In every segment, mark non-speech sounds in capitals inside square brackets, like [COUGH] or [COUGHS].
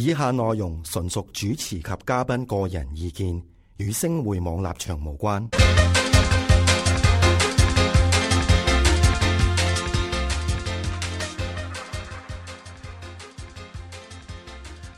以下內容純屬主持及嘉賓個人意見，與星匯網立場無關。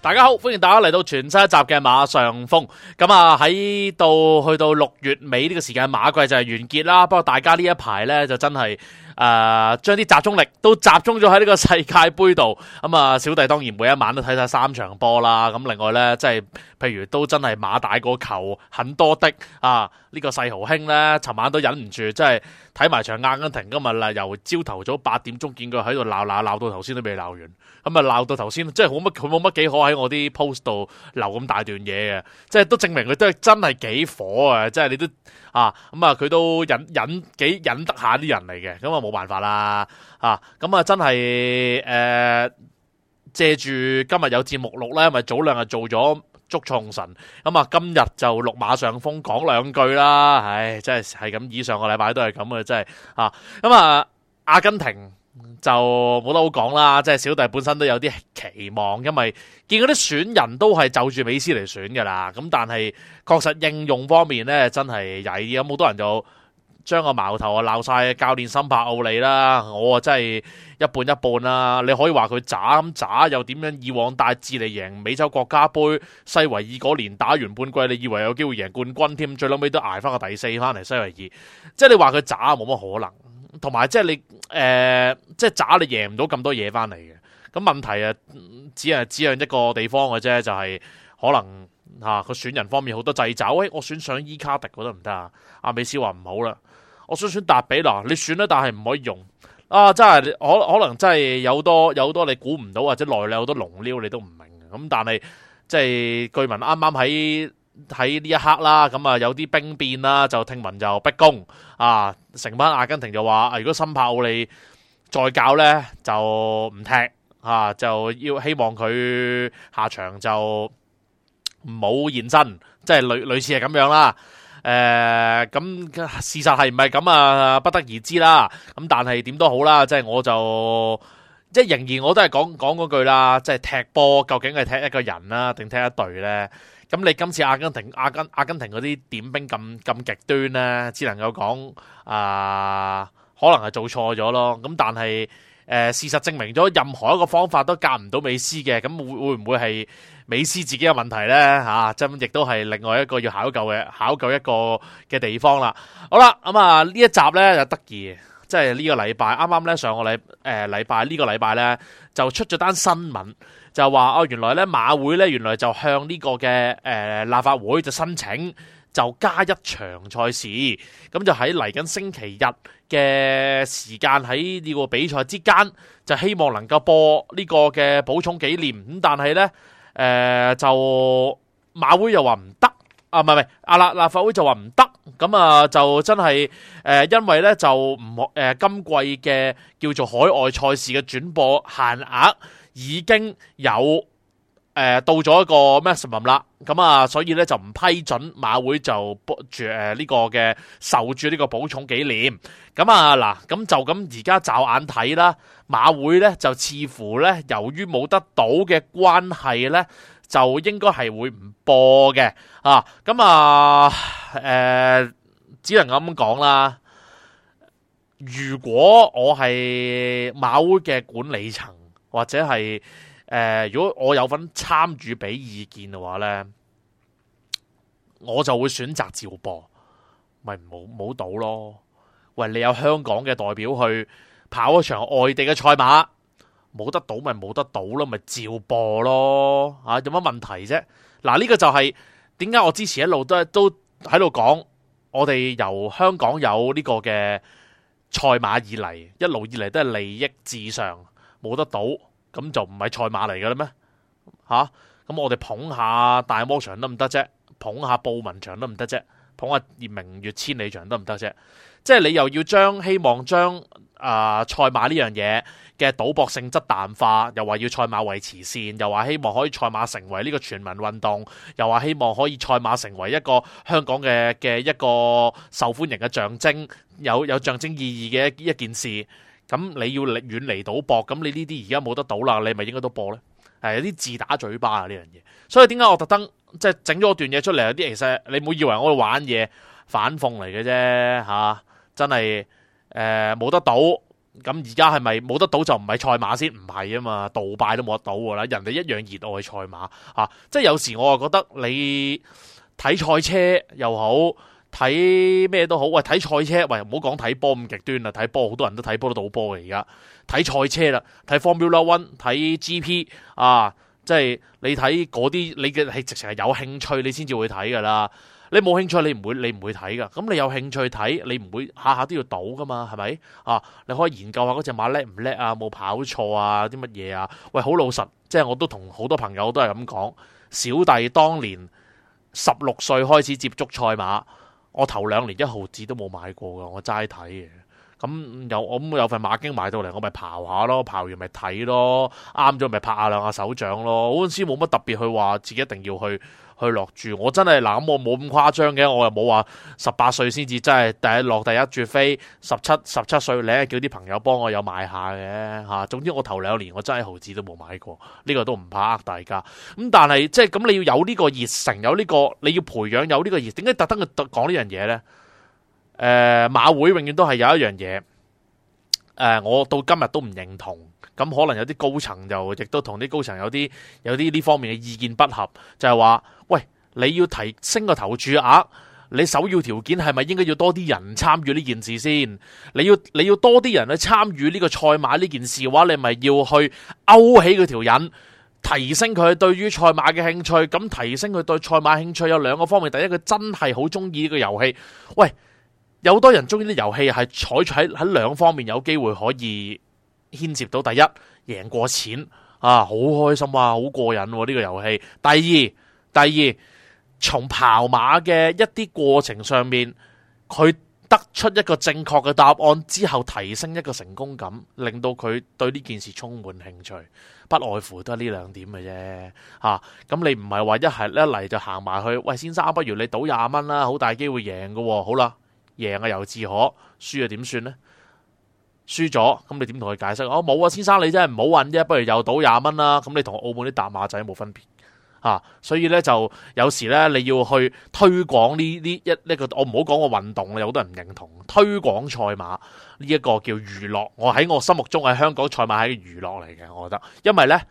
大家好，歡迎大家嚟到全新一集嘅馬上瘋。咁啊，喺到去到六月尾呢個時間，馬季就係完結啦。不過大家呢一排呢，就真係。誒，將啲、呃、集中力都集中咗喺呢個世界杯度，咁、嗯、啊，小弟當然每一晚都睇晒三場波啦。咁另外咧，即係譬如都真係馬大個球很多的啊！這個，世呢個細豪兄咧，尋晚都忍唔住，即係睇埋場阿根廷。今日啦。由朝頭早八點鐘見佢喺度鬧鬧鬧到頭先都未鬧完，咁啊鬧到頭先，即係好乜佢冇乜幾好喺我啲 post 度留咁大段嘢嘅，即係都證明佢都真係幾火啊！即係你都啊，咁啊佢都忍忍幾忍，忍得下啲人嚟嘅，咁、嗯嗯嗯冇辦法啦，吓咁啊！嗯、真係誒，借、呃、住今日有節目錄啦，因為早兩日做咗捉蟲神，咁、嗯、啊今日就錄馬上瘋講兩句啦。唉，真係係咁，以上個禮拜都係咁啊，真係啊！咁啊，阿根廷就冇得好講啦，即係小弟本身都有啲期望，因為見嗰啲選人都係就住美斯嚟選噶啦，咁但係確實應用方面咧，真係曳啲，有冇多人就？將個矛頭啊鬧晒教練森帕奧利啦，我啊真係一半一半啦。你可以話佢渣咁渣，又點樣以往帶智利嚟贏美洲國家杯？西維爾嗰年打完半季，你以為有機會贏冠軍添？最屘尾都挨翻個第四翻嚟西維爾，即係你話佢渣冇乜可能，同埋即係你誒，即係渣你贏唔到咁多嘢翻嚟嘅。咁問題啊，只係指向一個地方嘅啫，就係可能吓個選人方面好多掣肘。喂，我選上伊卡迪，覺得唔得啊？阿美斯話唔好啦。我想選達比啦，你選啦，但係唔可以用啊！真係可可能真係有多有多你估唔到，或者內裏好多龍撩你都唔明。咁、嗯、但係即係據聞啱啱喺喺呢一刻啦，咁、嗯、啊有啲兵變啦，就聽聞就逼供。啊！成班阿根廷就話、啊：如果森帕奧利再搞咧，就唔踢啊！就要希望佢下場就唔好現身，即係類類似係咁樣啦。誒，咁、呃、事實係唔係咁啊？不得而知啦。咁但係點都好啦，即係我就即係仍然我都係講講嗰句啦。即係踢波究竟係踢一個人啦、啊，定踢一隊呢？咁你今次阿根廷、阿根、阿根廷嗰啲點兵咁咁極端呢，只能夠講啊，可能係做錯咗咯。咁但係誒、呃，事實證明咗任何一個方法都夾唔到美斯嘅。咁會會唔會係？美斯自己嘅問題咧，嚇、啊、真亦都係另外一個要考究嘅考究一個嘅地方啦。好啦，咁啊呢一集咧就得意，即係呢個禮拜啱啱咧上個禮誒、呃禮，這個、禮拜呢個禮拜咧就出咗單新聞，就話哦原來咧馬會咧原來就向呢個嘅誒、呃、立法會就申請就加一場賽事，咁就喺嚟緊星期日嘅時間喺呢個比賽之間就希望能夠播呢個嘅補充紀念咁，但係咧。誒、呃，就馬會又話唔得啊，唔係唔係，阿立立法會就話唔得，咁啊就真係誒、呃，因為咧就唔誒、呃、今季嘅叫做海外賽事嘅轉播限額已經有。誒、嗯，到咗一個 maximum 啦，咁、嗯、啊，所以咧就唔批准馬會就住誒呢個嘅受住呢個補充紀念，咁啊嗱，咁、嗯嗯、就咁而家驟眼睇啦，馬會咧就似乎咧由於冇得賭嘅關係咧，就應該係會唔播嘅啊，咁啊誒，只能咁講啦。如果我係馬會嘅管理層或者係。誒、呃，如果我有份參與俾意見嘅話呢，我就會選擇照播，咪冇冇賭咯。餵，你有香港嘅代表去跑一場外地嘅賽馬，冇得賭咪冇得賭咯，咪照播咯，嚇、啊、有乜問題啫？嗱、啊，呢、這個就係點解我之前一路都都喺度講，我哋由香港有呢個嘅賽馬以嚟，一路以嚟都係利益至上，冇得賭。咁就唔係賽馬嚟嘅喇咩？吓、啊、咁我哋捧下大魔場得唔得啫？捧下報文場得唔得啫？捧下明月千里場得唔得啫？即係你又要將希望將誒賽馬呢樣嘢嘅賭博性質淡化，又話要賽馬為慈善，又話希望可以賽馬成為呢個全民運動，又話希望可以賽馬成為一個香港嘅嘅一個受歡迎嘅象徵，有有象徵意義嘅一一件事。咁你要遠離賭博，咁你呢啲而家冇得賭啦，你咪應該都播呢？係有啲自打嘴巴啊呢樣嘢。所以點解我特登即係整咗段嘢出嚟？有啲其實你唔好以為我喺度玩嘢，反諷嚟嘅啫嚇，真係誒冇得賭。咁而家係咪冇得賭就唔係賽馬先？唔係啊嘛，杜拜都冇得賭㗎啦，人哋一樣熱愛賽馬嚇。即係有時我又覺得你睇賽車又好。睇咩都好，喂，睇賽車喂，唔好講睇波咁極端啦。睇波好多人都睇波都賭波嘅。而家睇賽車啦，睇 Formula One，睇 G P 啊，即係你睇嗰啲，你嘅係直情係有興趣你，你先至會睇噶啦。你冇興趣，你唔會你唔會睇噶。咁你有興趣睇，你唔會下下都要賭噶嘛？係咪啊？你可以研究下嗰隻馬叻唔叻啊，冇跑錯啊，啲乜嘢啊？喂，好老實，即係我都同好多朋友都係咁講。小弟當年十六歲開始接觸賽馬。我頭兩年一毫紙都冇買過噶，我齋睇嘅。咁、嗯、有我有份馬經買到嚟，我咪刨下咯，刨完咪睇咯，啱咗咪拍下兩下手掌咯。嗰陣時冇乜特別去話自己一定要去。去落注，我真係嗱咁，我冇咁誇張嘅，我又冇話十八歲先至真係第一落第一，注飛十七十七歲，你係叫啲朋友幫我有買下嘅吓、啊。總之我頭兩年我真係毫子都冇買過，呢、這個都唔怕呃大家。咁、嗯、但係即係咁你要有呢個熱誠，有呢、這個你要培養有呢個熱誠，點解特登去講呢樣嘢呢？誒、呃，馬會永遠都係有一樣嘢，誒、呃，我到今日都唔認同。咁可能有啲高層就亦都同啲高層有啲有啲呢方面嘅意見不合，就係話，喂，你要提升個投注額，你首要條件係咪應該要多啲人參與呢件事先？你要你要多啲人去參與呢個賽馬呢件事嘅話，你咪要去勾起佢條癮，提升佢對於賽馬嘅興趣，咁提升佢對賽馬興趣有兩個方面，第一佢真係好中意呢個遊戲，喂，有多人中意啲遊戲係採取喺兩方面有機會可以。牽涉到第一贏過錢啊，好開心哇、啊，好過癮呢、啊這個遊戲。第二，第二從跑馬嘅一啲過程上面，佢得出一個正確嘅答案之後，提升一個成功感，令到佢對呢件事充滿興趣，不外乎都係呢兩點嘅啫。嚇、啊，咁你唔係話一係一嚟就行埋去，喂，先生，不如你賭廿蚊啦，好大機會贏嘅、啊。好啦，贏啊又自可，輸啊點算呢？輸咗，咁你點同佢解釋？我、哦、冇啊，先生你真係唔好運啫，不如又賭廿蚊啦。咁你同澳門啲打馬仔冇分別啊。所以咧就有時咧你要去推廣呢啲一呢個，我唔好講我運動有好多人唔認同。推廣賽馬呢一個叫娛樂，我喺我心目中係香港賽馬係娛樂嚟嘅，我覺得，因為咧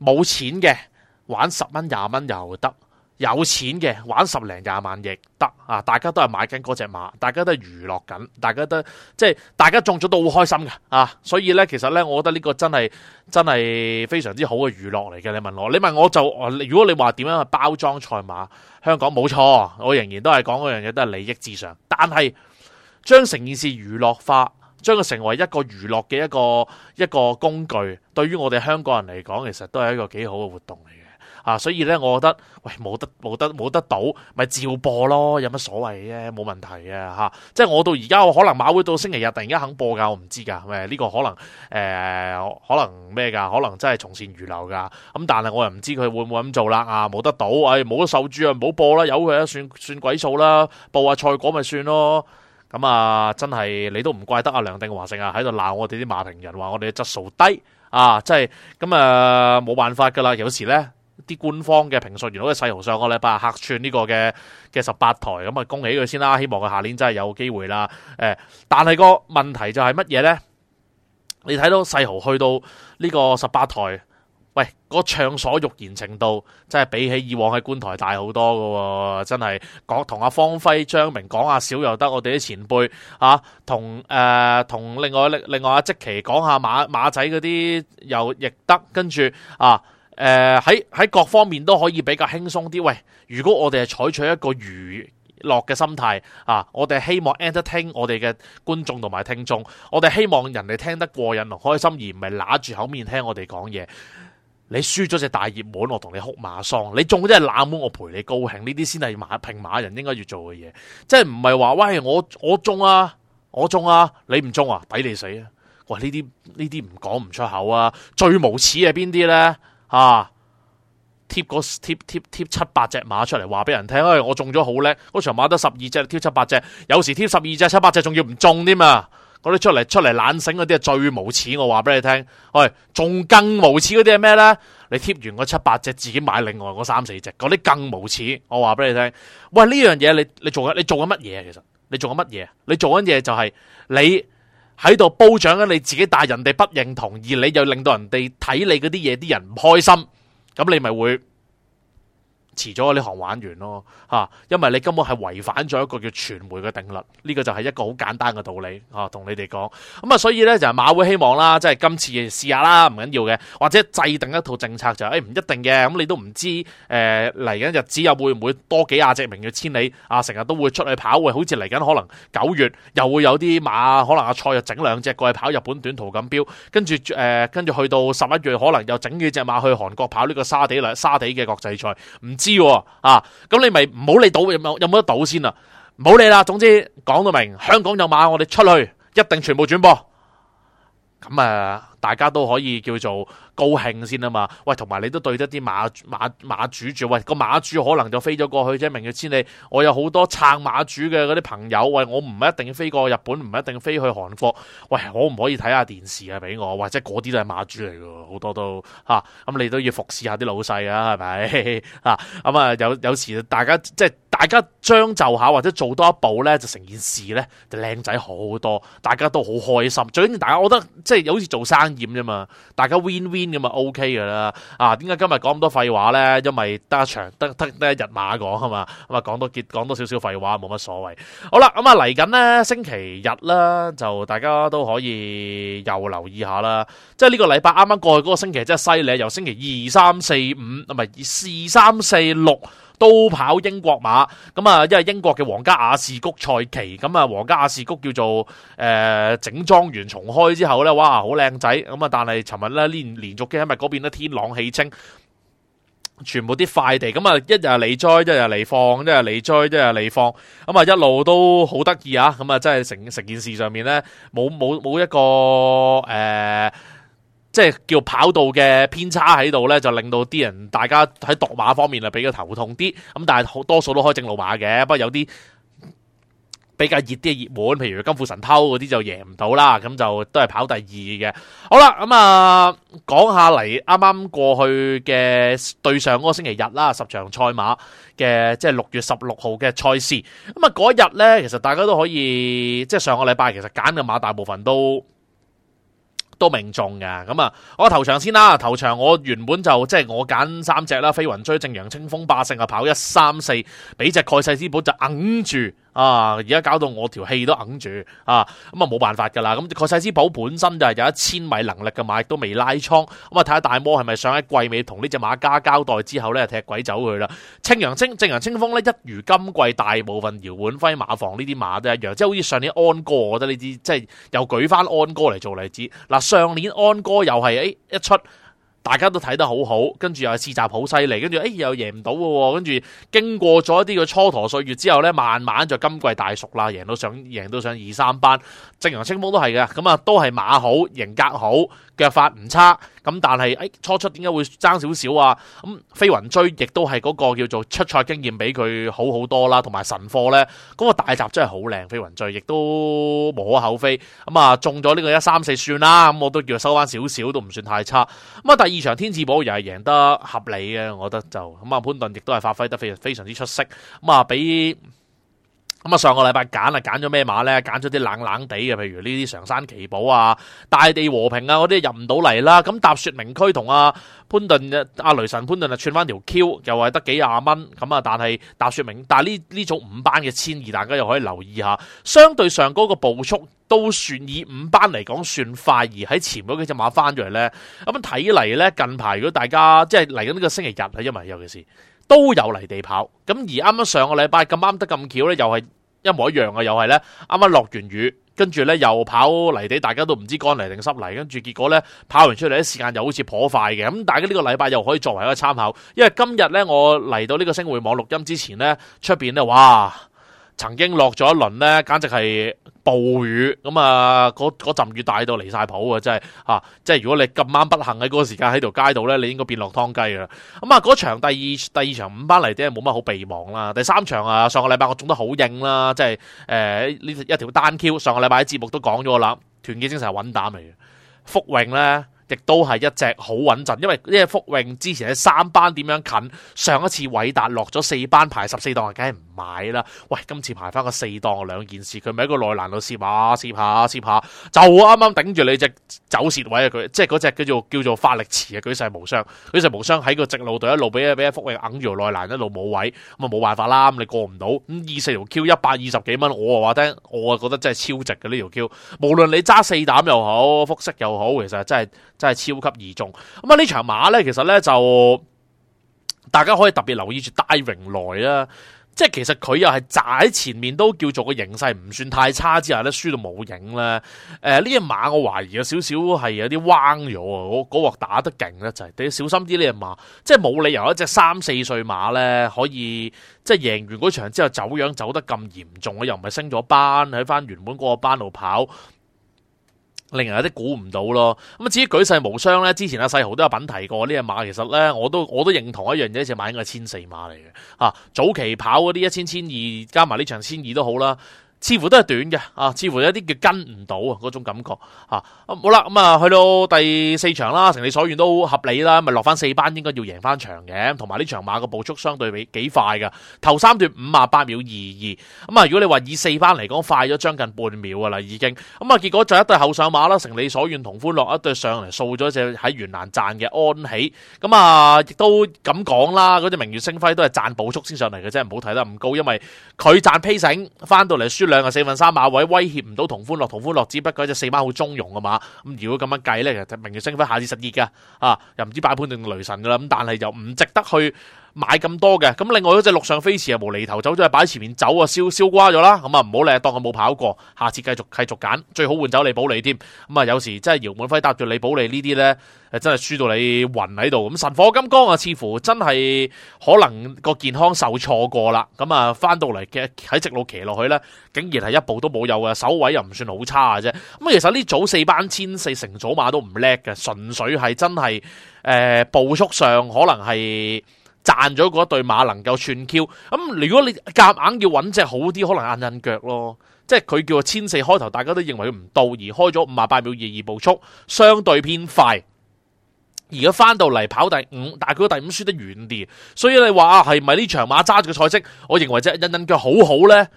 冇錢嘅玩十蚊廿蚊又得。有錢嘅玩十零廿萬亦得啊！大家都係買緊嗰隻馬，大家都係娛樂緊，大家都即係大家中咗都好開心㗎啊！所以呢，其實呢，我覺得呢個真係真係非常之好嘅娛樂嚟嘅。你問我，你問我就，如果你話點樣去包裝賽馬，香港冇錯，我仍然都係講嗰樣嘢，都係利益至上。但係將成件事娛樂化，將佢成為一個娛樂嘅一個一個工具，對於我哋香港人嚟講，其實都係一個幾好嘅活動嚟。啊，所以咧，我覺得喂冇得冇得冇得到，咪照播咯，有乜所謂啫？冇問題嘅。嚇、啊！即係我到而家，我可能馬會到星期日突然間肯播㗎，我唔知㗎。誒、這、呢個可能誒、呃、可能咩㗎？可能真係從善如流㗎。咁但係我又唔知佢會唔會咁做啦。啊，冇得到，誒冇得受注，啊，唔好播啦，由佢啦，算算鬼數啦，播下、啊、賽果咪算咯。咁啊，真係你都唔怪得阿梁定華成日，喺度鬧我哋啲馬評人話我哋質素低啊！真係咁啊，冇辦法㗎啦，有時咧～啲官方嘅評述員，我覺得世豪上個禮拜客串呢個嘅嘅十八台，咁啊，恭喜佢先啦！希望佢下年真係有機會啦。誒、哎，但係個問題就係乜嘢咧？你睇到世豪去到呢個十八台，喂，個暢所欲言程度真係比起以往喺官台大好多㗎，真係講同阿方輝、張明講下少又得，我哋啲前輩啊，同誒同另外另另外阿、啊、即其講下馬馬仔嗰啲又亦得，跟住啊。誒喺喺各方面都可以比較輕鬆啲。喂，如果我哋係採取一個娛樂嘅心態啊，我哋希望 entertain 我哋嘅觀眾同埋聽眾，我哋希望人哋聽得過癮同開心，而唔係揦住口面聽我哋講嘢。你輸咗隻大熱門，我同你哭馬喪；你中咗隻冷門，我陪你高興。呢啲先係馬平馬人應該要做嘅嘢，即係唔係話喂我我中啊，我中啊，你唔中啊，抵你死啊！喂，呢啲呢啲唔講唔出口啊！最無恥係邊啲呢？啊！貼個貼貼貼七八隻馬出嚟，話俾人聽，哎，我中咗好叻，嗰場馬得十二隻，貼七八隻，有時貼十二隻七八隻，仲要唔中添啊！嗰啲出嚟出嚟懶醒嗰啲係最無恥！我話俾你聽，喂，哎，仲更無恥嗰啲係咩咧？你貼完個七八隻，自己買另外嗰三四隻，嗰啲更無恥！我話俾你聽，喂，呢樣嘢你你做緊你做緊乜嘢？其實你做緊乜嘢？你做緊嘢就係你。喺度褒獎啊！你自己但係人哋不認同，而你又令到人哋睇你嗰啲嘢，啲人唔開心，咁你咪會。遲咗呢行玩完咯嚇、啊，因為你根本係違反咗一個叫傳媒嘅定律，呢、這個就係一個好簡單嘅道理嚇，同、啊、你哋講。咁啊，所以呢，就係、馬會希望啦，即係今次試下啦，唔緊要嘅，或者制定一套政策就誒、是、唔、哎、一定嘅，咁、嗯、你都唔知誒嚟緊日子又會唔會多幾廿隻明月千里啊，成日都會出去跑，會好似嚟緊可能九月又會有啲馬可能阿賽又整兩隻過去跑日本短途錦標，跟住誒跟住去到十一月可能又整幾隻馬去韓國跑呢個沙地沙地嘅國際賽，唔知。知啊！咁你咪唔好理賭有冇有冇得賭先啊，唔好理啦。總之講到明，香港有馬我哋出去，一定全部轉播。咁啊，大家都可以叫做，高興先啊嘛！喂，同埋你都對得啲馬馬馬主住，喂個馬主可能就飛咗過去啫。明月千里，我有好多撐馬主嘅嗰啲朋友，喂，我唔一定飛過日本，唔一定飛去韓國，喂，我唔可以睇下電視啊，俾我，或者嗰啲都係馬主嚟嘅，好多都嚇。咁、啊、你都要服侍下啲老細啊，係咪啊？咁、嗯、啊，有有時大家即係大家將就下，或者做多一步咧，就成件事咧就靚仔好多，大家都好開心。最緊要大家，我覺得即係好似做生意啫嘛，大家 win win。咁咪 OK 噶啦啊？點解今日講咁多廢話咧？因為得一場得得得一,一,一日馬講啊嘛，咁啊講多結講多少少廢話冇乜所謂。好啦，咁啊嚟緊咧星期日啦，就大家都可以又留意下啦。即係呢個禮拜啱啱過去嗰個星期真係犀利，由星期二三四五，唔係二四三四六。都跑英國馬咁啊，因為英國嘅皇家雅士谷賽期咁啊，皇家雅士谷叫做誒、呃、整莊園重開之後咧，哇，好靚仔咁啊！但係尋日咧連連續幾日嗰邊咧天朗氣清，全部啲快地咁啊，一日嚟栽，一日嚟放，一日嚟栽，一日嚟放，咁啊一路都好得意啊！咁啊，真係成成件事上面咧冇冇冇一個誒～、呃即係叫跑道嘅偏差，喺度呢就令到啲人大家喺度馬方面啊比較頭痛啲。咁但係好多數都開正路馬嘅，不過有啲比較熱啲嘅熱門，譬如金富神偷嗰啲就贏唔到啦。咁就都係跑第二嘅。好啦，咁、嗯、啊講下嚟，啱啱過去嘅對上嗰個星期日啦，十場賽馬嘅即係六月十六號嘅賽事。咁啊嗰日呢，其實大家都可以即係上個禮拜，其實揀嘅馬大部分都都命中嘅，咁啊，我頭場先啦，頭場我原本就即係我揀三隻啦，飛雲追、正陽、清風、霸勝啊，跑一三四，畀隻蓋世之寶就揞住！啊！而家搞到我條氣都揞住啊！咁啊，冇辦法㗎啦！咁確實之寶本身就係有一千米能力嘅馬，亦都未拉倉。咁啊，睇下大魔係咪上喺季尾同呢隻馬家交代之後咧，踢鬼走佢啦！清陽清，正陽清風咧，一如今季大部分姚本輝馬房呢啲馬都一樣，即係好似上年安哥，我覺得呢啲即係又舉翻安哥嚟做例子。嗱、啊，上年安哥又係誒、哎、一出。大家都睇得好好，跟住又試閘好犀利，跟住誒又贏唔到喎，跟住經過咗一啲嘅蹉跎歲月之後呢，慢慢就今季大熟啦，贏到上贏到上二三班，正陽青峰都係嘅。咁啊都係馬好，型格好，腳法唔差，咁但係誒、欸、初出點解會爭少少啊？咁飛雲追亦都係嗰個叫做出賽經驗比佢好好多啦，同埋神駒呢，嗰、那個大閘真係好靚，飛雲追亦都無可厚非，咁啊中咗呢個一三四算啦，咁我都叫收翻少少都唔算太差，咁啊二場天字寶又係贏得合理嘅，我覺得就咁啊。潘頓亦都係發揮得非常非常之出色，咁啊比。咁啊，上個禮拜揀啊，揀咗咩馬咧？揀咗啲冷冷地嘅，譬如呢啲常山奇寶啊、大地和平啊嗰啲入唔到嚟啦。咁、嗯、踏雪明區同啊潘頓阿、啊、雷神潘頓啊，串翻條 Q，又係得幾廿蚊。咁、嗯、啊，但係踏雪明，但係呢呢種五班嘅千二，大家又可以留意下。相對上嗰個步速都算以五班嚟講算快，而喺前嗰幾隻馬翻咗嚟咧。咁睇嚟咧，近排如果大家即係嚟緊呢個星期日咧，因為尤其是。都有泥地跑，咁而啱啱上個禮拜咁啱得咁巧呢，又係一模一樣嘅。又係呢，啱啱落完雨，跟住呢又跑泥地，大家都唔知乾泥定濕泥，跟住結果呢，跑完出嚟啲時間又好似頗快嘅，咁大家呢個禮拜又可以作為一個參考，因為今日呢，我嚟到呢個星匯網錄音之前呢，出邊呢，哇，曾經落咗一輪呢，簡直係。暴雨咁啊，嗰嗰陣雨大到離晒譜啊，真係吓！即係如果你咁啱不幸喺嗰個時間喺條街度咧，你應該變落湯雞噶啦。咁啊，嗰場第二第二場五班嚟，真係冇乜好備忘啦。第三場啊，上個禮拜我中得好應啦，即係誒呢一條單 Q。上個禮拜啲節目都講咗啦，團結精神係穩膽嚟嘅。福永咧，亦都係一隻好穩陣，因為呢隻福永之前喺三班點樣近？上一次偉達落咗四班排十四檔，梗係唔買啦。喂，今次排翻個四檔，兩件事，佢咪喺個內欄度攝下攝下攝下，就啱啱頂住你隻走蝕位啊佢，即係嗰隻叫做叫做法力池啊，舉世無雙，舉世無雙喺個直路度一路俾俾福永揞住內欄，一路冇位，咁啊冇辦法啦，咁你過唔到，咁二四條 Q 一百二十幾蚊，我話聽，我覺得真係超值嘅呢條 Q，無論你揸四膽又好，複式又好，其實真係。真係超級易中咁啊！呢場馬呢，其實呢，就大家可以特別留意住戴榮來啦。即係其實佢又係駛喺前面都叫做個形勢唔算太差之下呢，輸到冇影啦。誒呢隻馬我懷疑有少少係有啲彎咗啊！嗰嗰鑊打得勁呢。就係、你要小心啲呢隻馬。即係冇理由一隻三四歲馬呢，可以即係贏完嗰場之後走樣走得咁嚴重啊！又唔係升咗班喺翻原本嗰個班度跑。令人有啲估唔到咯，咁啊至於舉世無雙咧，之前阿世豪都有品提過呢隻馬，其實咧我都我都認同一樣嘢，呢隻馬應該係千四馬嚟嘅嚇，早期跑嗰啲一千千二加埋呢場千二都好啦。似乎都係短嘅，啊，似乎有啲叫跟唔到啊，嗰種感覺，吓、啊啊，好啦，咁啊，去到第四場啦，成你所願都合理啦，咪落翻四班應該要贏翻場嘅，同埋呢場馬嘅步速相對比幾快嘅，頭三段五啊八秒二二，咁啊，如果你話以四班嚟講快咗將近半秒噶啦已經，咁啊，結果就一對後上馬啦，成你所願同歡樂一對上嚟掃咗隻喺元朗賺嘅安喜，咁啊，亦都咁講啦，隻明月星輝都係賺步速先上嚟嘅啫，唔好睇得咁高，因為佢賺披繩翻到嚟輸。兩個四分三馬、啊、位威脅唔到同歡樂，同歡樂只不過隻四馬好中庸啊嘛。咁如果咁樣計咧，就明月升翻下市十二噶啊，又唔知擺盤定雷神噶啦。咁但係又唔值得去。買咁多嘅，咁另外嗰隻陸上飛馳係無厘頭走咗，擺喺前面走啊，燒燒瓜咗啦。咁啊，唔好理，當佢冇跑過，下次繼續繼續揀，最好換走李寶利添。咁啊，有時真係姚滿輝搭住李寶利呢啲呢，真係輸到你暈喺度。咁神火金剛啊，似乎真係可能個健康受挫過啦。咁啊，翻到嚟嘅喺直路騎落去呢，竟然係一步都冇有啊，手位又唔算好差啊啫。咁其實呢組四班千四成早馬都唔叻嘅，純粹係真係誒、呃，步速上可能係。賺咗嗰一對馬能夠串 Q，咁、嗯、如果你夾硬要揾隻好啲，可能印印腳咯，即係佢叫做千四開頭，大家都認為佢唔到，而開咗五啊八秒二二步速，相對偏快。而家翻到嚟跑第五，但係佢個第五輸得遠啲，所以你話啊，係唔係呢場馬揸住個賽色？我認為隻，印印腳好好咧。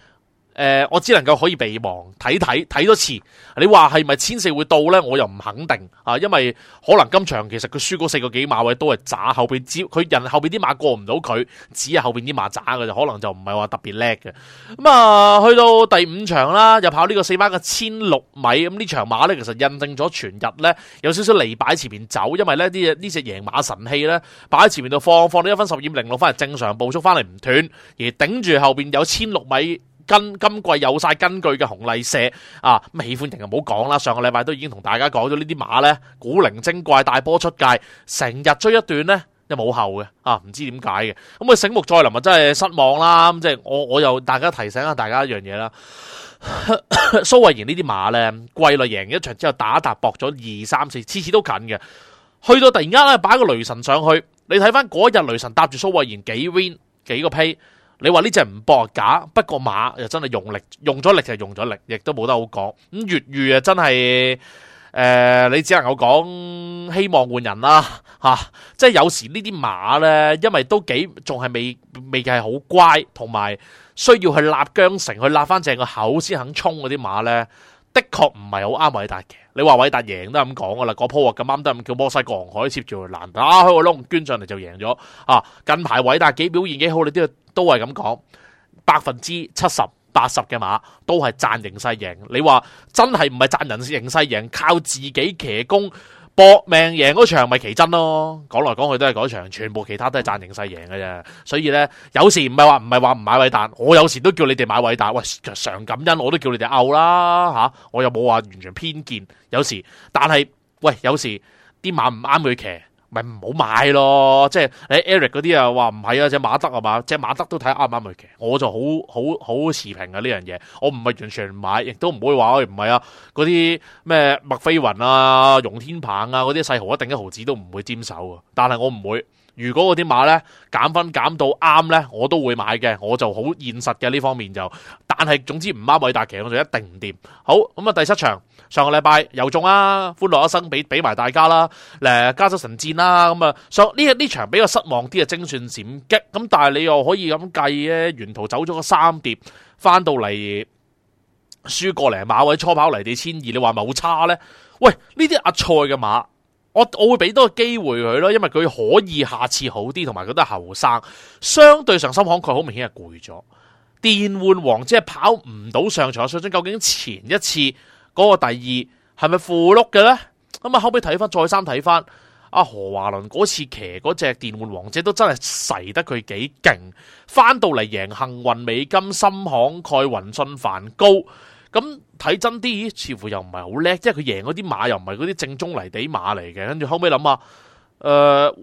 誒、呃，我只能夠可以避忘，睇睇睇多次。你話係咪千四會到呢？我又唔肯定啊，因為可能今場其實佢輸嗰四個幾馬位都係渣，後邊接佢人後邊啲馬過唔到佢，只係後邊啲馬渣嘅就可能就唔係話特別叻嘅。咁、嗯、啊，去到第五場啦，又跑呢個四班嘅千六米。咁、嗯、呢場馬呢，其實印證咗全日呢有少少泥擺前面走，因為咧呢隻呢隻贏馬神器呢，擺喺前面度放，放到一分十二點零六翻嚟正常步速翻嚟唔斷，而頂住後邊有千六米。跟今季有晒根據嘅紅麗蛇啊，未歡迎啊，唔好講啦。上個禮拜都已經同大家講咗呢啲馬呢，古靈精怪，大波出界，成日追一段呢，又冇後嘅啊，唔知點解嘅。咁佢醒目再臨，咪真係失望啦。咁即係我我又大家提醒下大家一樣嘢啦。 [LAUGHS] 蘇慧賢呢啲馬呢，貴啦，贏一場之後打一沓博咗二三四，次次都近嘅。去到突然間咧，擺個雷神上去，你睇翻嗰日雷神搭住蘇慧賢幾 win 幾個批。你話呢隻唔搏假，不過馬又真係用力用咗力就用咗力，亦都冇得好講。咁越裕啊，真係誒，你只能夠講希望換人啦、啊、嚇、啊。即係有時呢啲馬咧，因為都幾仲係未未係好乖，同埋需要去立韁繩去立翻正個口先肯衝嗰啲馬咧，的確唔係好啱偉達嘅。你話偉達贏達都係咁講噶啦，嗰鋪咁啱得咁叫摩西黃海接住難打開個窿，捐、啊、上嚟就贏咗啊！近排偉達幾表現幾好，你都要。都係咁講，百分之七十八十嘅馬都係賺形勢贏。你話真係唔係賺人形勢贏，靠自己騎功搏命贏嗰場咪奇真咯？講嚟講去都係嗰場，全部其他都係賺形勢贏嘅啫。所以呢，有時唔係話唔係話唔買偉大，我有時都叫你哋買偉大。喂，常感恩我都叫你哋 out 啦吓，我又冇話完全偏見。有時，但係喂，有時啲馬唔啱佢騎。咪唔好買咯，即係你 Eric 嗰啲啊，話唔係啊，隻馬德啊嘛？隻馬德都睇啱啱佢嘅，我就好好好持平啊呢樣嘢。我唔係完全唔買，亦都唔會話唔係啊。嗰啲咩墨飛雲啊、容天棒啊嗰啲細豪一定一毫子都唔會沾手啊，但係我唔會。如果嗰啲馬呢減分減到啱呢，我都會買嘅，我就好現實嘅呢方面就。但係總之唔啱韋達騎我就一定唔掂。好咁啊，嗯，第七場上個禮拜又中啦，啊，歡樂一生俾俾埋大家啦，誒，呃、加州神戰啦，啊，咁，嗯，啊上呢一呢場比較失望啲啊，精算閃擊咁，但係你又可以咁計呢，沿途走咗個三碟，翻到嚟輸過嚟，馬位，初跑嚟地千二，你話咪好差呢？喂，呢啲阿賽嘅馬。我我會俾多個機會佢咯，因為佢可以下次好啲，同埋佢都係後生，相對上深巷蓋好明顯係攰咗。電玩王者係跑唔到上場，所以究竟前一次嗰個第二係咪負碌嘅呢？咁啊後尾睇翻，再三睇翻，阿何華倫嗰次騎嗰隻電玩王者，都真係使得佢幾勁，翻到嚟贏幸運美金、深巷蓋、雲信凡高。咁睇真啲，似乎又唔係好叻，即係佢贏嗰啲馬又唔係嗰啲正宗泥地馬嚟嘅。跟住後尾諗啊，誒、呃、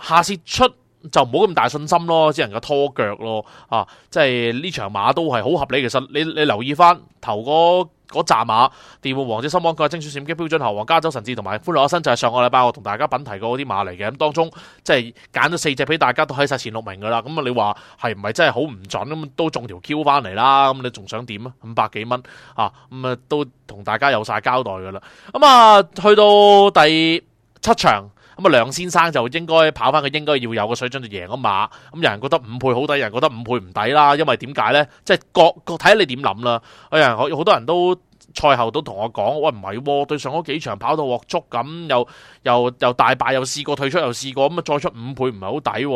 下次出就唔好咁大信心咯，只能夠拖腳咯，啊，即係呢場馬都係好合理。其實你你留意翻頭嗰。嗰閘馬，連換王者心榜，佢係精選閃擊標準頭，王加州神志同埋歡樂阿新就係、是、上個禮拜我同大家品提過嗰啲馬嚟嘅，咁當中即係揀咗四隻俾大家都喺晒前六名㗎啦，咁、嗯、啊你話係唔係真係好唔準？咁都中條 Q 翻嚟啦，咁、嗯、你仲想點啊？五百幾蚊啊，咁、嗯、啊都同大家有晒交代㗎啦，咁、嗯、啊去到第七場。咁啊，梁先生就應該跑翻佢應該要有個水準就贏咗馬。咁有人覺得五倍好抵、就是，有人覺得五倍唔抵啦。因為點解呢？即係各各睇下你點諗啦。有人好多人都賽後都同我講：喂，唔係、喎、對上嗰幾場跑到獲足咁，又又，又大敗，又試過退出，又試過咁啊，再出五倍唔係好抵。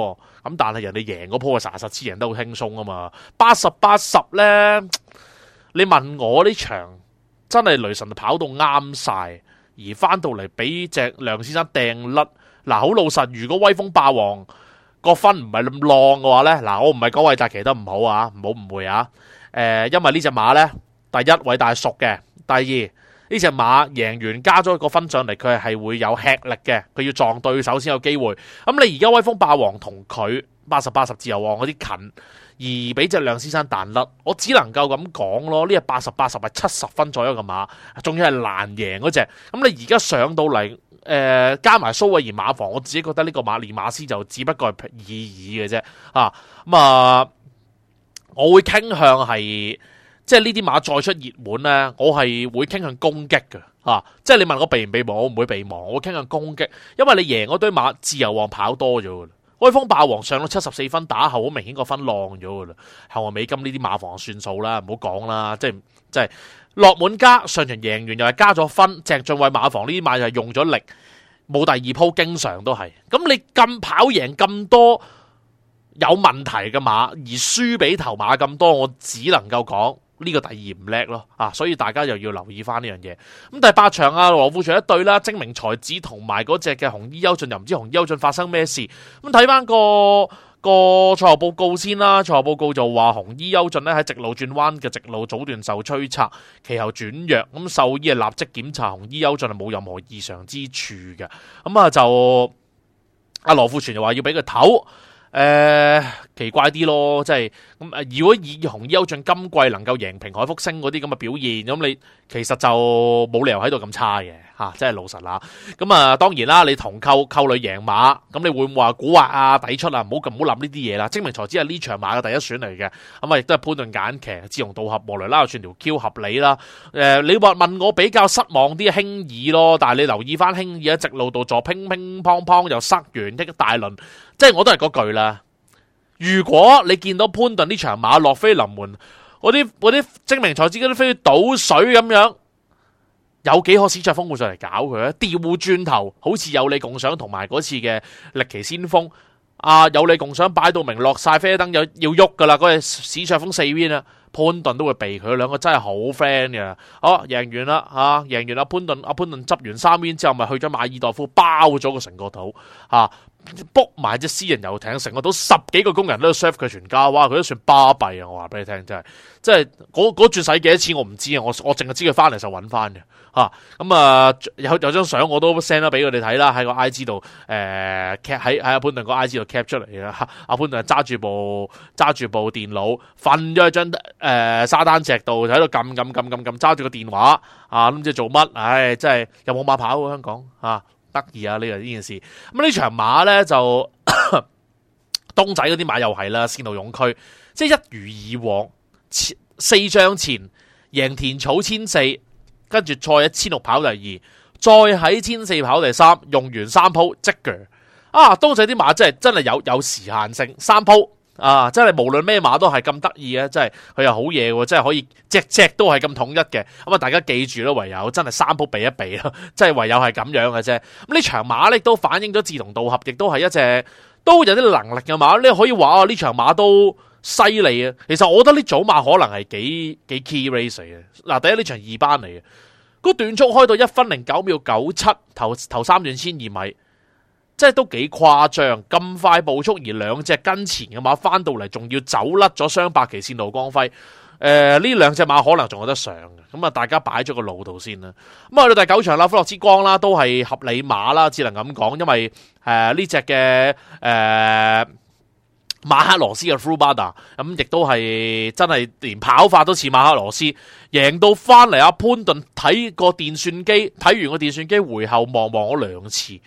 咁但係人哋贏嗰鋪啊，實實踐贏得好輕鬆啊嘛。八十八十呢？你問我呢場真係雷神跑到啱晒。而翻到嚟俾隻梁先生掟甩。嗱、啊、好老實。如果威風霸王分、啊、個分唔係咁浪嘅話呢，嗱，我唔係講韋達騎得唔好啊，唔好誤會啊。誒、呃，因為呢隻馬呢，第一韋達熟嘅，第二呢隻馬贏完加咗個分上嚟，佢係會有吃力嘅，佢要撞對手先有機會。咁、啊、你而家威風霸王同佢八十八十自由王嗰啲近。而俾只梁先生彈甩，我只能夠咁講咯。呢個八十八十係七十分左右嘅馬，仲要係難贏嗰隻。咁、嗯、你而家上到嚟，誒、呃，加埋蘇偉賢馬房，我自己覺得呢個馬連馬師就只不過係爾爾嘅啫。吓、啊、咁、嗯、啊，我會傾向係，即係呢啲馬再出熱門咧，我係會傾向攻擊嘅。吓、啊，即係你問我避唔避亡，我唔會避亡，我會傾向攻擊，因為你贏嗰堆馬自由王跑多咗.開封霸王上到七十四分，打後好明顯個分浪咗噶啦。后岸美金呢啲馬房算數啦，唔好講啦。即係即係落滿加上場贏完又係加咗分，鄭俊偉馬房呢啲馬又係用咗力，冇第二鋪經常都係。咁你咁跑贏咁多有問題嘅馬，而輸俾頭馬咁多，我只能夠講。呢個第二唔叻咯，啊！所以大家又要留意翻呢樣嘢。咁第八場啊，羅富全一對啦，精明才子同埋嗰隻嘅紅衣優俊，又唔知紅衣優俊發生咩事。咁睇翻個個賽後報告先啦，賽後報告就話紅衣優俊咧，喺直路轉彎嘅直路早段受催策，其後轉弱。咁獸醫係立即檢查紅衣優俊係冇任何異常之處嘅。咁啊就阿羅富全就話要俾佢唞。誒、呃。奇怪啲咯，即係咁。如果以紅優駿今季能夠贏平海福星嗰啲咁嘅表現，咁你其實就冇理由喺度咁差嘅吓。真係老實啦。咁啊，當然啦，你同扣扣女贏馬，咁你會唔會話蠱惑啊、抵出啊？唔好咁唔好諗呢啲嘢啦。精明財子係呢場馬嘅第一選嚟嘅，咁啊，亦都係潘頓揀騎志同道合莫雷拉，串條 Q 合理啦。誒，你話問我比較失望啲，輕易咯，但係你留意翻輕易喺直路度做乒乒乓乓又塞完一大輪，即係我都係嗰句啦。如果你見到潘頓呢場馬落飛臨門，嗰啲嗰啲精明財子嗰啲飛倒水咁樣，有幾可史卓豐會上嚟搞佢咧？調轉頭好似有利共享同埋嗰次嘅力奇先鋒啊，有利共享擺到明落晒飛燈，又要喐噶啦！嗰、那、隻、個、史卓豐四邊啊，潘頓都會避佢兩個真係好 friend 嘅。好，贏完啦嚇、啊，贏完阿、啊啊、潘頓，阿、啊、潘頓執完三邊之後，咪去咗馬爾代夫包咗個成個島。嚇、啊。book 埋隻私人遊艇，成個都十幾個工人喺度 serve 佢全家，哇！佢都算巴閉啊！我話俾你聽，真係，真係嗰嗰住使幾多錢，我唔知啊！我我淨係知佢翻嚟就搵翻嘅吓。咁、嗯、啊、嗯呃，有有張相我都 send 咗俾佢哋睇啦，喺個 I G 度誒喺喺阿潘頓個 I G 度 cap 出嚟啦、嗯。阿潘頓揸住部揸住部電腦瞓咗喺張誒沙灘石度，就喺度撳撳撳撳撳，揸住個電話啊，諗住做乜，唉，真係有冇馬跑香港，馬馬香港啊！啊啊得意啊！呢個呢件事咁，呢場馬咧就 [COUGHS] 東仔嗰啲馬又係啦，線路勇區，即係一如以往，四仗前贏田草千四，跟住再一千六跑第二，再喺千四跑第三，用完三鋪直腳啊！東仔啲馬真係真係有有時限性，三鋪。啊！真係無論咩馬都係咁得意嘅，真係佢又好嘢喎，真係可以隻只都係咁統一嘅。咁啊，大家記住咯，唯有真係三鋪比一比咯，即係唯有係咁樣嘅啫。咁呢場馬咧都反映咗志同道合，亦都係一隻都有啲能力嘅馬。你可以話啊，呢場馬都犀利啊。其實我覺得呢組馬可能係幾幾 key race 嘅。嗱，第一呢場二班嚟嘅，嗰段速開到一分零九秒九七，頭頭三段千二米。即係都幾誇張，咁快步速，而兩隻跟前嘅馬翻到嚟，仲要走甩咗雙百旗線路光輝。誒、呃，呢兩隻馬可能仲有得上嘅，咁啊，大家擺咗個路度先啦。咁、嗯、去到第九場啦，富樂之光啦，都係合理馬啦，只能咁講。因為誒呢隻嘅誒馬克羅斯嘅 full brother，咁亦都係真係連跑法都似馬克羅斯，贏到翻嚟，阿潘頓睇個電算機，睇完個電算機回後望望我兩次。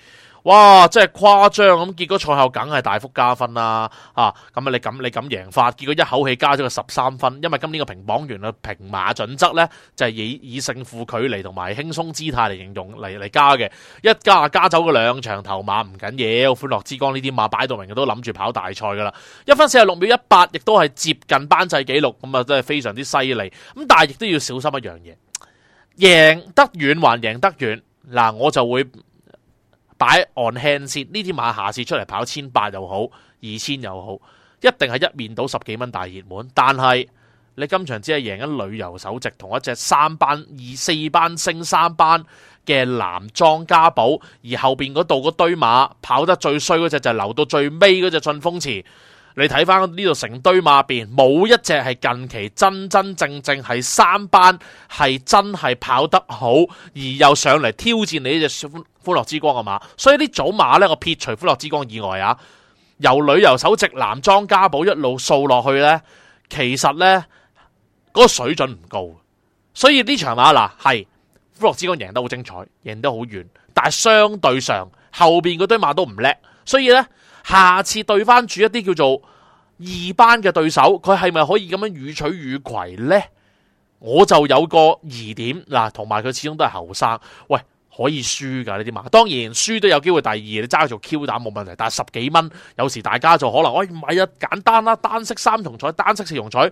哇！真係誇張咁，結果賽後梗係大幅加分啦，啊，啊！咁啊，你咁你咁贏法，結果一口氣加咗個十三分，因為今年個平榜員嘅平馬準則呢，就係、是、以以勝負距離同埋輕鬆姿態嚟形容嚟嚟加嘅，一加加走個兩場頭馬唔緊要，歡樂之光呢啲馬擺到明嘅都諗住跑大賽噶啦，一分四十六秒一八，亦都係接近班制紀錄，咁啊，真係非常之犀利，咁但係亦都要小心一樣嘢，贏得遠還贏得遠，嗱，我就會。擺岸輕先，呢啲馬下次出嚟，跑千八又好，二千又好，一定係一面倒十幾蚊大熱門。但係你今場只係贏緊旅遊首席，同一隻三班、二四班、升三班嘅藍莊家寶，而後邊嗰度嗰堆馬跑得最衰嗰隻就留到最尾嗰隻進風池。你睇翻呢度成堆馬邊，冇一隻係近期真真正正係三班，係真係跑得好，而又上嚟挑戰你呢隻。歡樂之光啊，嘛，所以啲組馬咧，我撇除歡樂之光以外啊，由旅遊首席男裝家寶一路掃落去呢，其實呢嗰個水準唔高，所以呢場馬嗱係歡樂之光贏得好精彩，贏得好遠，但係相對上後邊嗰堆馬都唔叻，所以呢，下次對翻住一啲叫做二班嘅對手，佢係咪可以咁樣予取予攜呢？我就有個疑點嗱，同埋佢始終都係後生，喂。可以輸㗎呢啲馬，當然輸都有機會第二。你揸佢做 Q 膽冇問題，但係十幾蚊，有時大家就可能，哎，買啊簡單啦，單色三重彩、單色四重彩，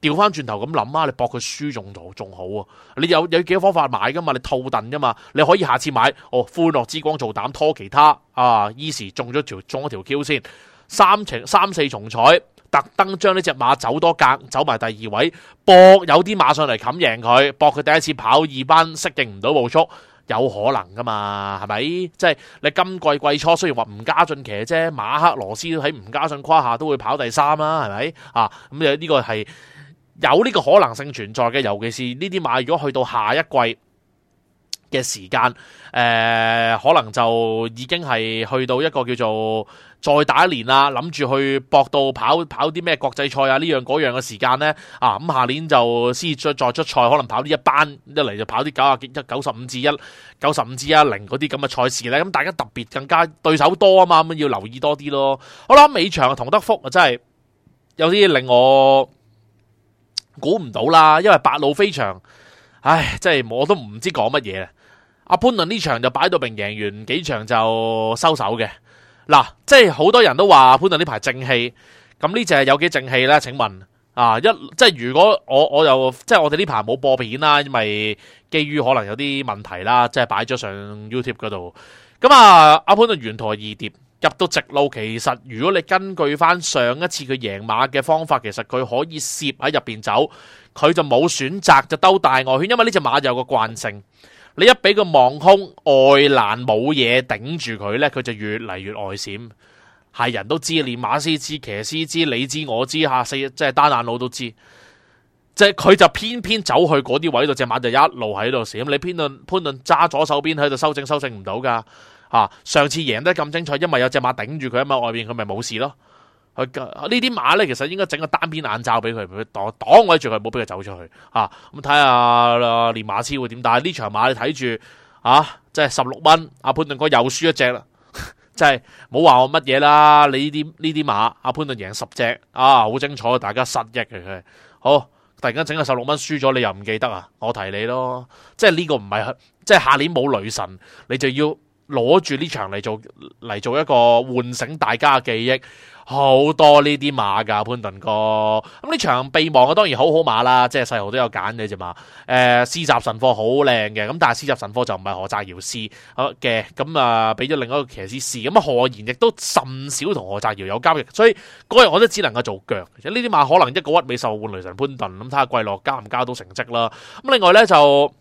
調翻轉頭咁諗啊，你博佢輸仲好仲好啊！你有有幾多方法買㗎嘛？你套盾㗎嘛？你可以下次買哦，歡樂之光做膽拖其他啊，依時中咗條中咗條 Q 先，三程三四重彩，特登將呢隻馬走多格，走埋第二位，博有啲馬上嚟冚贏佢，博佢第一次跑二班適應唔到步速。有可能㗎嘛，係咪？即係你今季季初雖然話唔加進騎啫，馬克羅斯喺唔加進胯下都會跑第三啦，係咪？啊，咁、嗯這個、有呢個係有呢個可能性存在嘅，尤其是呢啲馬如果去到下一季。嘅時間，誒、呃，可能就已經係去到一個叫做再打一年啦，諗住去搏到跑跑啲咩國際賽啊，呢樣嗰樣嘅時間呢，啊，咁、嗯、下年就先再出賽，可能跑呢一班一嚟，就跑啲九啊一九十五至一九十五至一零嗰啲咁嘅賽事咧，咁、嗯、大家特別更加對手多啊嘛，咁、嗯、要留意多啲咯。好啦，尾場同德福啊，真係有啲令我估唔到啦，因為百老飛長，唉，真係我都唔知講乜嘢。阿潘頓呢場就擺到並贏完幾場就收手嘅，嗱，即係好多人都話潘頓呢排正氣，咁呢隻有幾正氣呢？請問啊，一即係如果我我又即係我哋呢排冇播片啦，因為基於可能有啲問題啦，即係擺咗上 YouTube 嗰度，咁、嗯、啊，阿潘頓沿途二碟入到直路，其實如果你根據翻上一次佢贏馬嘅方法，其實佢可以攝喺入邊走，佢就冇選擇就兜大外圈，因為呢隻馬有個慣性。你一俾佢望空外欄，冇嘢頂住佢呢，佢就越嚟越外閃。係人都知，連馬師知、騎師知、你知我知，吓四即係單眼佬都知。即係佢就偏偏走去嗰啲位度，隻馬就一路喺度閃。咁你偏頓潘頓揸左手邊喺度修正修正唔到噶。吓，上次贏得咁精彩，因為有隻馬頂住佢啊嘛，因為外邊佢咪冇事咯。呢啲馬咧，其實應該整個單邊眼罩俾佢，擋擋位住佢，唔好俾佢走出去啊。咁睇下連馬師會點打？但係呢場馬你睇住啊，即係十六蚊。阿、啊、潘頓哥又輸一隻啦，即係冇話我乜嘢啦。你呢啲呢啲馬，阿、啊、潘頓贏十隻啊，好精彩，大家失憶嘅佢、啊、好。突然間整個十六蚊輸咗，你又唔記得啊？我提你咯，即係呢個唔係即係下年冇女神，你就要攞住呢場嚟做嚟做一個喚醒大家嘅記憶。好多呢啲馬㗎潘頓哥，咁呢場備忘啊當然好好馬啦，即係細豪都有揀嘅啫嘛。誒、呃，斯集神科好靚嘅，咁但係斯集神科就唔係何澤堯試嘅，咁啊俾咗另一個騎師試，咁啊何然亦都甚少同何澤堯有交易，所以嗰日我都只能夠做腳。呢啲馬可能一個屈尾受換雷神潘頓，咁睇下季落交唔交到成績啦。咁另外呢，就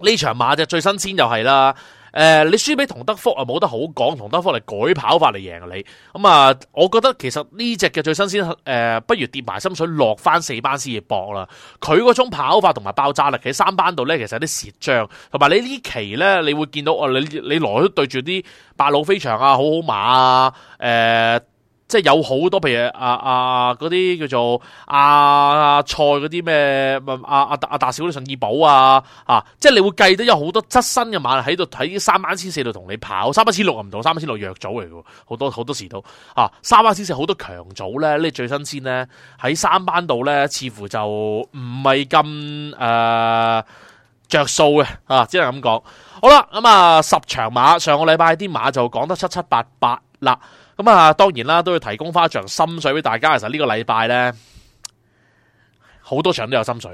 呢場馬就最新鮮就係啦。誒、呃，你輸俾同德福啊，冇得好講。同德福嚟改跑法嚟贏啊，你咁啊，我覺得其實呢隻嘅最新鮮，誒、呃，不如跌埋心水落翻四班先至搏啦。佢嗰種跑法同埋爆炸力喺三班度咧，其實有啲蝕章，同埋你呢期咧，你會見到哦、呃，你你來對住啲白鷺飛翔啊，好好馬啊，誒、呃。即係有好多，譬如啊啊嗰、啊、啲叫做阿阿蔡嗰啲咩？阿阿阿阿大小信義寶啊啊！即係你會計都有好多新嘅馬喺度，喺三班千四度同你跑，三班千六唔同，三班千六弱組嚟嘅喎，好多好多時都。啊！三班千四好多強組咧，呢最新鮮咧，喺三班度咧，似乎就唔係咁誒著數嘅啊，只能咁講。好啦，咁啊十、嗯啊、場馬上個禮拜啲馬就講得七七八八啦。咁啊，當然啦，都要提供返場心水俾大家。其實呢個禮拜呢，好多場都有心水，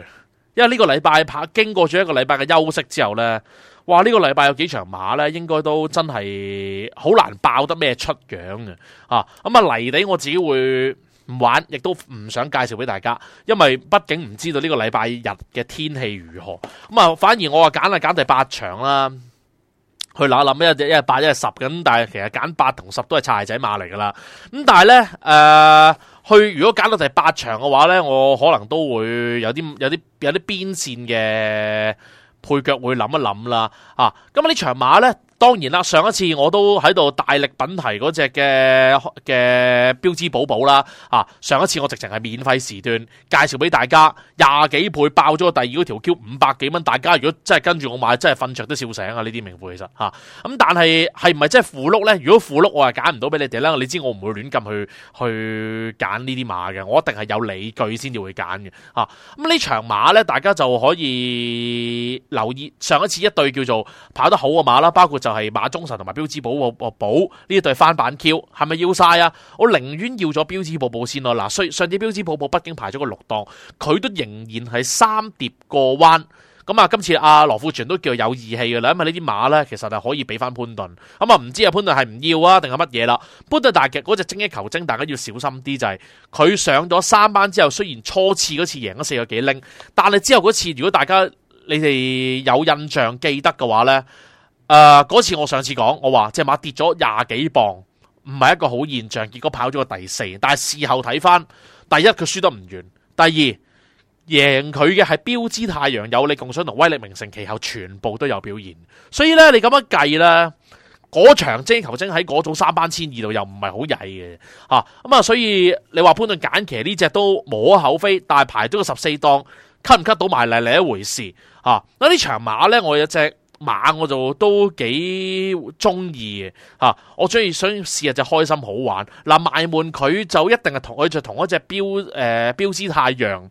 因為呢個禮拜拍經過咗一個禮拜嘅休息之後呢，哇！呢、呢個禮拜有幾場馬呢，應該都真係好難爆得咩出樣嘅啊！咁、嗯、啊，泥地我自己會唔玩，亦都唔想介紹俾大家，因為畢竟唔知道呢個禮拜日嘅天氣如何。咁、嗯、啊，反而我話揀啊揀第八場啦。去攞諗，一隻一係八，一係十咁，但係其實揀八同十都係柴仔馬嚟㗎喇。咁但係咧，誒、呃，去如果揀到第八場嘅話咧，我可能都會有啲有啲有啲邊線嘅配腳會諗一諗啦。啊，咁啊呢場馬咧。當然啦，上一次我都喺度大力品提嗰隻嘅嘅標誌寶寶啦，啊，上一次我直情係免費時段介紹俾大家廿幾倍爆咗第二嗰條 Q 五百幾蚊，大家如果真係跟住我買，真係瞓着都笑醒啊！呢啲名副其實吓，咁但係係唔係真係符碌呢？如果符碌，我係揀唔到俾你哋啦。你知我唔會亂咁去去揀呢啲馬嘅，我一定係有理據先至會揀嘅吓。咁、啊、呢、嗯、場馬呢，大家就可以留意上一次一對叫做跑得好嘅馬啦，包括就係。係馬中神同埋標誌寶寶寶呢一對翻版 Q，係咪要晒啊？我寧願要咗標誌寶寶先咯。嗱，上次標誌寶寶北京排咗個六檔，佢都仍然係三疊過彎。咁啊，今次阿、啊、羅富全都叫有義氣嘅啦，因為呢啲馬呢，其實係可以俾翻潘頓。咁、嗯、啊，唔知阿潘頓係唔要啊，定係乜嘢啦？潘頓大腳嗰隻精益求精，大家要小心啲就係、是、佢上咗三班之後，雖然初次嗰次贏咗四個幾零，但係之後嗰次如果大家你哋有印象記得嘅話呢。誒，嗰、呃、次我上次講，我話隻馬跌咗廿幾磅，唔係一個好現象。結果跑咗個第四，但係事後睇翻，第一佢輸得唔遠；第二贏佢嘅係標之太陽、有利共享同威力名城，其後全部都有表現。所以呢，你咁樣計啦，嗰場精球精喺嗰組三班千二度又唔係好曳嘅吓。咁啊、嗯，所以你話潘頓揀騎，其實呢隻都冇可厚非，但係排咗個十四檔，cut 唔 cut 到埋嚟另一回事吓。嗱、啊，呢場馬呢，我有隻。馬我就都幾中意吓，我中意想試下隻開心好玩。嗱、啊，賣滿佢就一定係同佢就同一隻標誒標之太陽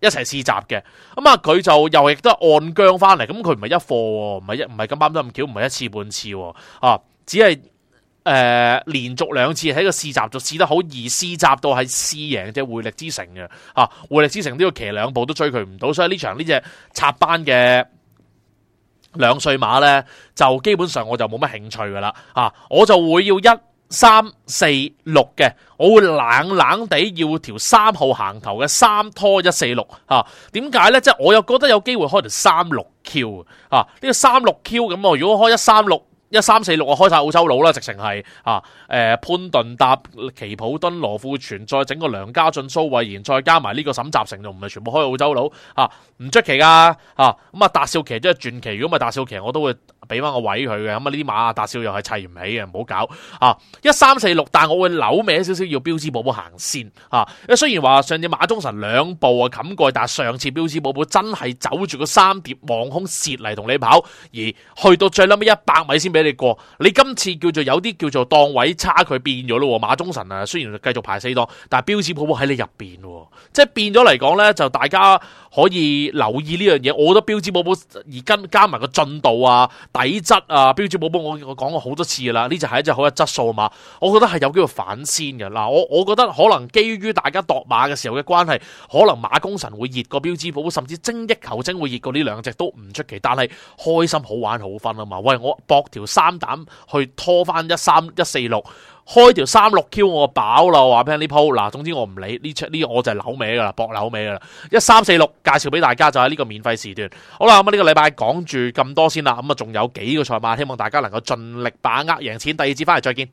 一齊試閘嘅。咁啊，佢就又亦都按韁翻嚟，咁佢唔係一課，唔係一唔係咁啱得咁巧，唔係一次半次哦、啊，只係誒、呃、連續兩次喺個試閘就試得好易試閘到係試贏隻匯力之城嘅啊，匯力之城都要騎兩步都追佢唔到，所以呢場呢隻插班嘅。兩歲馬咧就基本上我就冇乜興趣噶啦，啊，我就會要一三四六嘅，我會冷冷地要條三號行頭嘅三拖一四六，啊，點解咧？即係我又覺得有機會開條三六 Q 啊，呢個三六 Q 咁，我如果開一三六。一三四六我開晒澳洲佬啦，直情係啊，誒、呃、潘頓搭奇普敦羅富全，再整個梁家俊、蘇慧妍，再加埋呢個沈集成，就唔係全部開澳洲佬啊，唔出奇噶啊，咁啊達少奇，即係傳奇，如果唔係達少奇，我都會。俾翻個位佢嘅，咁啊呢啲馬達少又係砌唔起嘅，唔好搞啊！一三四六，但係我會扭歪少少，要標誌寶寶行先啊！雖然話上次馬中臣兩步啊冚蓋，但係上次標誌寶寶真係走住個三碟往空蝕嚟同你跑，而去到最 last 尾一百米先俾你過。你今次叫做有啲叫做檔位差，佢變咗咯。馬中臣啊，雖然繼續排四檔，但係標誌寶寶喺你入邊、啊，即係變咗嚟講咧，就大家可以留意呢樣嘢。我覺得標誌寶寶而跟加埋個進度啊！底質啊，標誌寶寶，我我講過好多次啦，呢隻係一隻好嘅質素啊嘛，我覺得係有機會反先嘅。嗱，我我覺得可能基於大家度馬嘅時候嘅關係，可能馬功臣會熱過標誌寶寶，甚至精益求精會熱過呢兩隻都唔出奇。但係開心好玩好分啊嘛，喂，我搏條三膽去拖翻一三一四六。開條三六 Q 我飽啦，我話俾你呢鋪嗱，總之我唔理呢出呢，我就係扭尾噶啦，搏扭尾噶啦，一三四六介紹俾大家就喺呢個免費時段。好啦，咁啊呢個禮拜講住咁多先啦，咁啊仲有幾個賽馬，希望大家能夠盡力把握贏錢，第二節翻嚟再見。